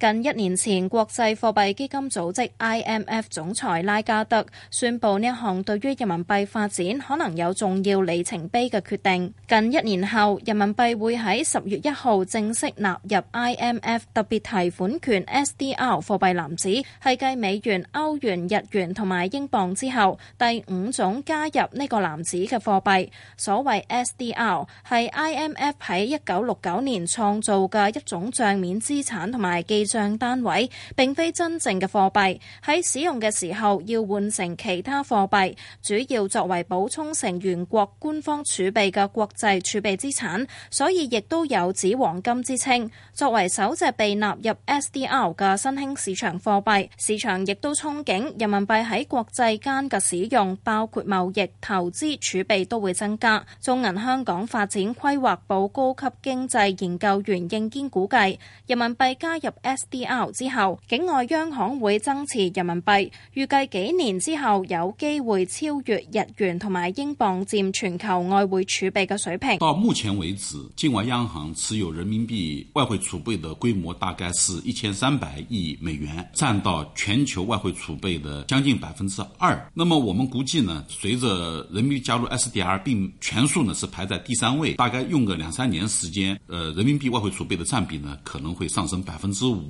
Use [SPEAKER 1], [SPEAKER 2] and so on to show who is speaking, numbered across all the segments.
[SPEAKER 1] 近一年前，國際貨幣基金組織 IMF 總裁拉加德宣布呢一項對於人民幣發展可能有重要里程碑嘅決定。近一年後，人民幣會喺十月一號正式納入 IMF 特別提款權 SDR 貨幣籃子，係繼美元、歐元、日元同埋英鎊之後第五種加入呢個籃子嘅貨幣。所謂 SDR 係 IMF 喺一九六九年創造嘅一種賬面資產同埋記。賬單位並非真正嘅貨幣，喺使用嘅時候要換成其他貨幣，主要作為補充成員國官方儲備嘅國際儲備資產，所以亦都有紙黃金之稱。作為首隻被納入 SDR 嘅新興市場貨幣，市場亦都憧憬人民幣喺國際間嘅使用，包括貿易、投資、儲備都會增加。中銀香港發展規劃部高級經濟研究員應堅估計，人民幣加入 SDR SDR 之後，境外央行會增持人民幣，預計幾年之後有機會超越日元同埋英鎊佔全球外匯儲備嘅水平。到
[SPEAKER 2] 目前為止，境外央行持有人民幣外匯儲備的規模大概是一千三百億美元，佔到全球外匯儲備的將近百分之二。那麼我們估計呢，隨着人民幣加入 SDR 並全數呢是排在第三位，大概用個兩三年時間，呃，人民幣外匯儲備的佔比呢可能會上升百分之五。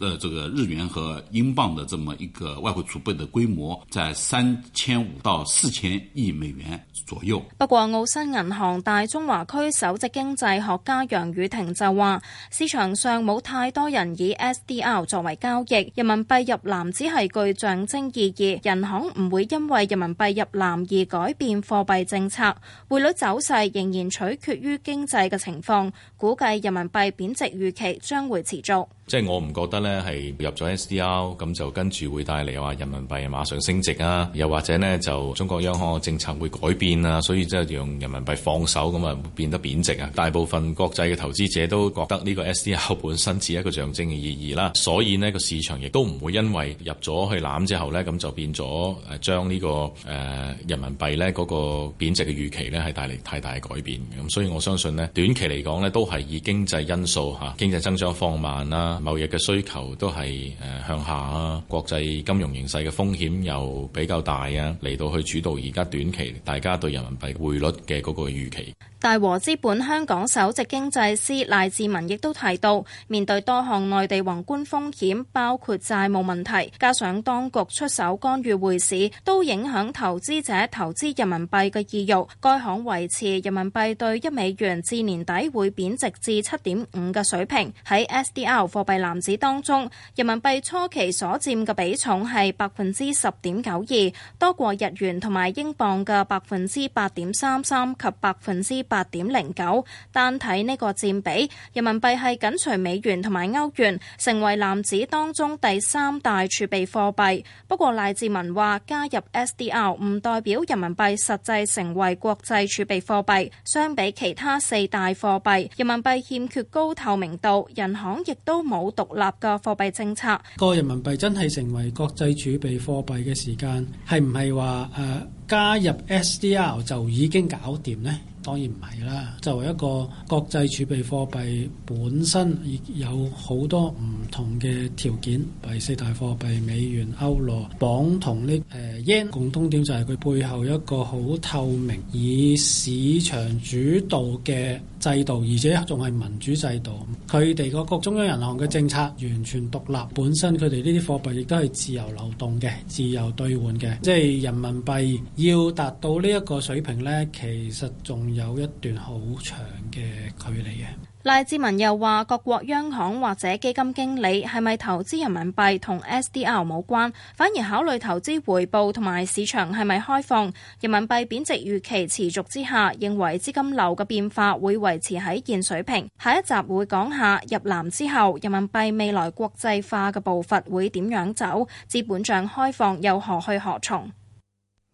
[SPEAKER 2] 呃，這個日元和英鎊的這麼一個外匯儲備的規模，在三千五到四千億美元左右。
[SPEAKER 1] 不過，澳新銀行大中華區首席經濟學家楊宇霆就話，市場上冇太多人以 SDR 作為交易，人民幣入籃只係具象徵意義。人行唔會因為人民幣入籃而改變貨幣政策，匯率走勢仍然取決於經濟嘅情況。估計人民幣貶值預期將會持續，
[SPEAKER 3] 即係我唔覺得咧係入咗 SDR 咁就跟住會帶嚟話人民幣馬上升值啊，又或者呢就中國央行嘅政策會改變啊，所以即係用人民幣放手咁啊變得貶值啊。大部分國際嘅投資者都覺得呢個 SDR 本身只係一個象徵嘅意義啦，所以呢個市場亦都唔會因為入咗去攬之後呢咁就變咗誒將呢個誒、呃、人民幣呢嗰、嗰個貶值嘅預期呢係帶嚟太大嘅改變，咁所以我相信呢短期嚟講呢。都。係以經濟因素吓，經濟增長放慢啦，貿易嘅需求都係誒向下啊，國際金融形勢嘅風險又比較大啊，嚟到去主導而家短期大家對人民幣匯率嘅嗰個預期。
[SPEAKER 1] 大和資本香港首席經濟師賴志文亦都提到，面對多項內地宏觀風險，包括債務問題，加上當局出手干預匯市，都影響投資者投資人民幣嘅意欲。該行維持人民幣對一美元至年底會貶值至七點五嘅水平。喺 SDR 貨幣籃子當中，人民幣初期所佔嘅比重係百分之十點九二，多過日元同埋英鎊嘅百分之八點三三及百分之八點零九，單睇呢個佔比，人民幣係緊隨美元同埋歐元，成為籃子當中第三大儲備貨幣。不過賴志文話，加入 SDR 唔代表人民幣實際成為國際儲備貨幣。相比其他四大貨幣，人民幣欠缺高透明度，銀行亦都冇獨立嘅貨幣政策。
[SPEAKER 4] 個人民幣真係成為國際儲備貨幣嘅時間，係唔係話誒加入 SDR 就已經搞掂呢？當然唔係啦，作為一個國際儲備貨幣，本身亦有好多唔同嘅條件。第四大貨幣美元、歐羅、磅、呃、同呢誒 yen 共通點就係佢背後一個好透明、以市場主導嘅制度，而且仲係民主制度。佢哋個中央銀行嘅政策完全獨立，本身佢哋呢啲貨幣亦都係自由流動嘅、自由兌換嘅。即係人民幣要達到呢一個水平咧，其實仲有一段好長嘅距離嘅。
[SPEAKER 1] 賴志文又話，各國央行或者基金經理係咪投資人民幣同 SDR 冇關，反而考慮投資回報同埋市場係咪開放。人民幣貶值預期持續之下，認為資金流嘅變化會維持喺現水平。下一集會講下入籃之後，人民幣未來國際化嘅步伐會點樣走？資本賬開放又何去何從？